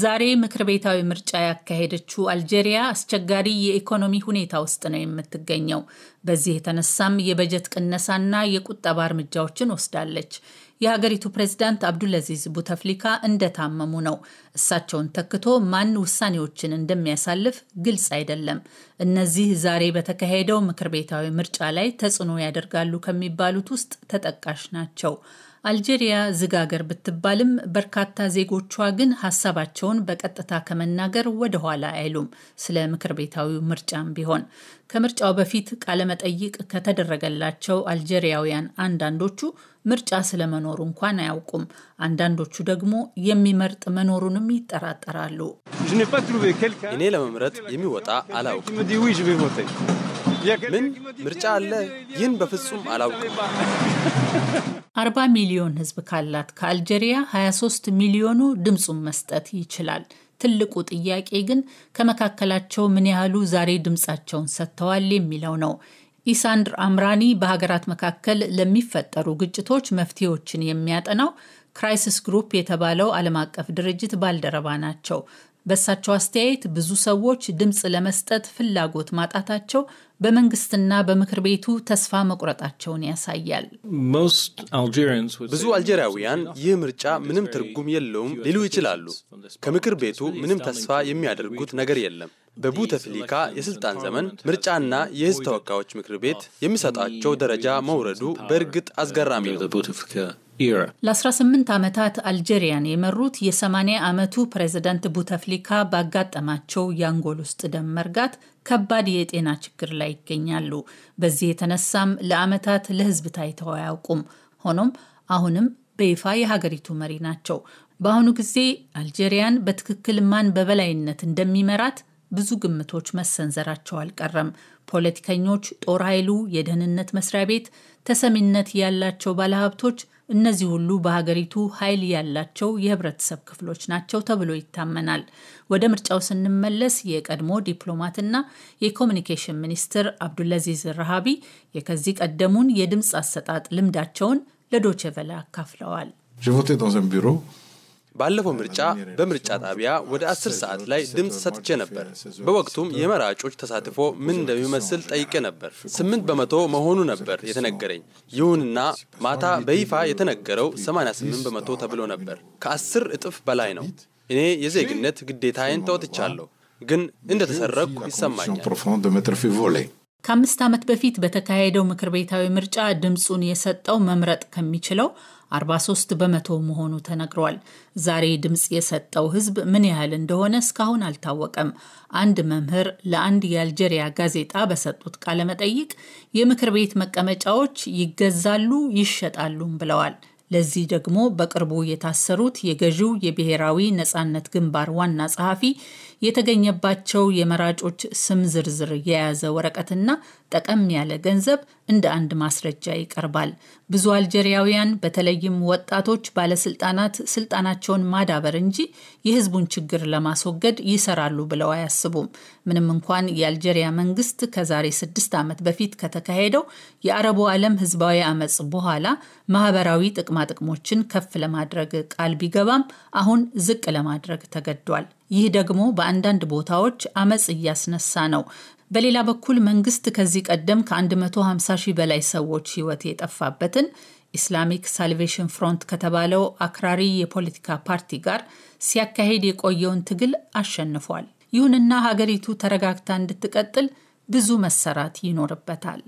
ዛሬ ምክር ቤታዊ ምርጫ ያካሄደችው አልጄሪያ አስቸጋሪ የኢኮኖሚ ሁኔታ ውስጥ ነው የምትገኘው። በዚህ የተነሳም የበጀት ቅነሳና የቁጠባ እርምጃዎችን ወስዳለች። የሀገሪቱ ፕሬዝዳንት አብዱልአዚዝ ቡተፍሊካ እንደታመሙ ነው። እሳቸውን ተክቶ ማን ውሳኔዎችን እንደሚያሳልፍ ግልጽ አይደለም። እነዚህ ዛሬ በተካሄደው ምክር ቤታዊ ምርጫ ላይ ተጽዕኖ ያደርጋሉ ከሚባሉት ውስጥ ተጠቃሽ ናቸው። አልጄሪያ ዝግ አገር ብትባልም በርካታ ዜጎቿ ግን ሀሳባቸውን በቀጥታ ከመናገር ወደኋላ አይሉም። ስለ ምክር ቤታዊ ምርጫም ቢሆን ከምርጫው በፊት ቃለመጠይቅ ከተደረገላቸው አልጄሪያውያን አንዳንዶቹ ምርጫ ስለመኖሩ እንኳን አያውቁም። አንዳንዶቹ ደግሞ የሚመርጥ መኖሩንም ይጠራጠራሉ። እኔ ለመምረጥ የሚወጣ አላውቅም። ምን ምርጫ አለ? ይህን በፍጹም አላውቅም። 40 ሚሊዮን ሕዝብ ካላት ከአልጄሪያ 23 ሚሊዮኑ ድምፁን መስጠት ይችላል። ትልቁ ጥያቄ ግን ከመካከላቸው ምን ያህሉ ዛሬ ድምፃቸውን ሰጥተዋል የሚለው ነው። ኢሳንድር አምራኒ በሀገራት መካከል ለሚፈጠሩ ግጭቶች መፍትሄዎችን የሚያጠናው ክራይሲስ ግሩፕ የተባለው ዓለም አቀፍ ድርጅት ባልደረባ ናቸው። በእሳቸው አስተያየት ብዙ ሰዎች ድምፅ ለመስጠት ፍላጎት ማጣታቸው በመንግስትና በምክር ቤቱ ተስፋ መቁረጣቸውን ያሳያል። ብዙ አልጄሪያውያን ይህ ምርጫ ምንም ትርጉም የለውም ሊሉ ይችላሉ። ከምክር ቤቱ ምንም ተስፋ የሚያደርጉት ነገር የለም። በቡተፍሊካ የስልጣን ዘመን ምርጫና የህዝብ ተወካዮች ምክር ቤት የሚሰጣቸው ደረጃ መውረዱ በእርግጥ አስገራሚ ነው። ለ18 ዓመታት አልጄሪያን የመሩት የ80 ዓመቱ ፕሬዝደንት ቡተፍሊካ ባጋጠማቸው የአንጎል ውስጥ ደም መርጋት ከባድ የጤና ችግር ላይ ይገኛሉ። በዚህ የተነሳም ለዓመታት ለህዝብ ታይተው አያውቁም። ሆኖም አሁንም በይፋ የሀገሪቱ መሪ ናቸው። በአሁኑ ጊዜ አልጄሪያን በትክክል ማን በበላይነት እንደሚመራት ብዙ ግምቶች መሰንዘራቸው አልቀረም። ፖለቲከኞች፣ ጦር ኃይሉ፣ የደህንነት መስሪያ ቤት፣ ተሰሚነት ያላቸው ባለሀብቶች፣ እነዚህ ሁሉ በሀገሪቱ ኃይል ያላቸው የህብረተሰብ ክፍሎች ናቸው ተብሎ ይታመናል። ወደ ምርጫው ስንመለስ የቀድሞ ዲፕሎማትና የኮሚኒኬሽን ሚኒስትር አብዱልአዚዝ ረሃቢ የከዚህ ቀደሙን የድምፅ አሰጣጥ ልምዳቸውን ለዶቼ ቬለ አካፍለዋል። ቢሮ ባለፈው ምርጫ በምርጫ ጣቢያ ወደ አስር ሰዓት ላይ ድምፅ ሰጥቼ ነበር። በወቅቱም የመራጮች ተሳትፎ ምን እንደሚመስል ጠይቄ ነበር። ስምንት በመቶ መሆኑ ነበር የተነገረኝ። ይሁንና ማታ በይፋ የተነገረው 88 በመቶ ተብሎ ነበር። ከአስር እጥፍ በላይ ነው። እኔ የዜግነት ግዴታዬን ተወጥቻለሁ፣ ግን እንደተሰረቅኩ ይሰማኛል። ከአምስት ዓመት በፊት በተካሄደው ምክር ቤታዊ ምርጫ ድምፁን የሰጠው መምረጥ ከሚችለው 43 በመቶ መሆኑ ተነግሯል። ዛሬ ድምፅ የሰጠው ሕዝብ ምን ያህል እንደሆነ እስካሁን አልታወቀም። አንድ መምህር ለአንድ የአልጀሪያ ጋዜጣ በሰጡት ቃለመጠይቅ የምክር ቤት መቀመጫዎች ይገዛሉ ይሸጣሉም ብለዋል። ለዚህ ደግሞ በቅርቡ የታሰሩት የገዢው የብሔራዊ ነጻነት ግንባር ዋና ጸሐፊ የተገኘባቸው የመራጮች ስም ዝርዝር የያዘ ወረቀትና ጠቀም ያለ ገንዘብ እንደ አንድ ማስረጃ ይቀርባል። ብዙ አልጄሪያውያን በተለይም ወጣቶች ባለስልጣናት ስልጣናቸውን ማዳበር እንጂ የሕዝቡን ችግር ለማስወገድ ይሰራሉ ብለው አያስቡም። ምንም እንኳን የአልጄሪያ መንግስት ከዛሬ ስድስት ዓመት በፊት ከተካሄደው የአረቡ ዓለም ሕዝባዊ አመጽ በኋላ ማህበራዊ ጥቅማ ጥቅሞችን ከፍ ለማድረግ ቃል ቢገባም አሁን ዝቅ ለማድረግ ተገዷል። ይህ ደግሞ በአንዳንድ ቦታዎች አመፅ እያስነሳ ነው። በሌላ በኩል መንግስት ከዚህ ቀደም ከ150 ሺህ በላይ ሰዎች ህይወት የጠፋበትን ኢስላሚክ ሳልቬሽን ፍሮንት ከተባለው አክራሪ የፖለቲካ ፓርቲ ጋር ሲያካሄድ የቆየውን ትግል አሸንፏል። ይሁንና ሀገሪቱ ተረጋግታ እንድትቀጥል ብዙ መሰራት ይኖርበታል።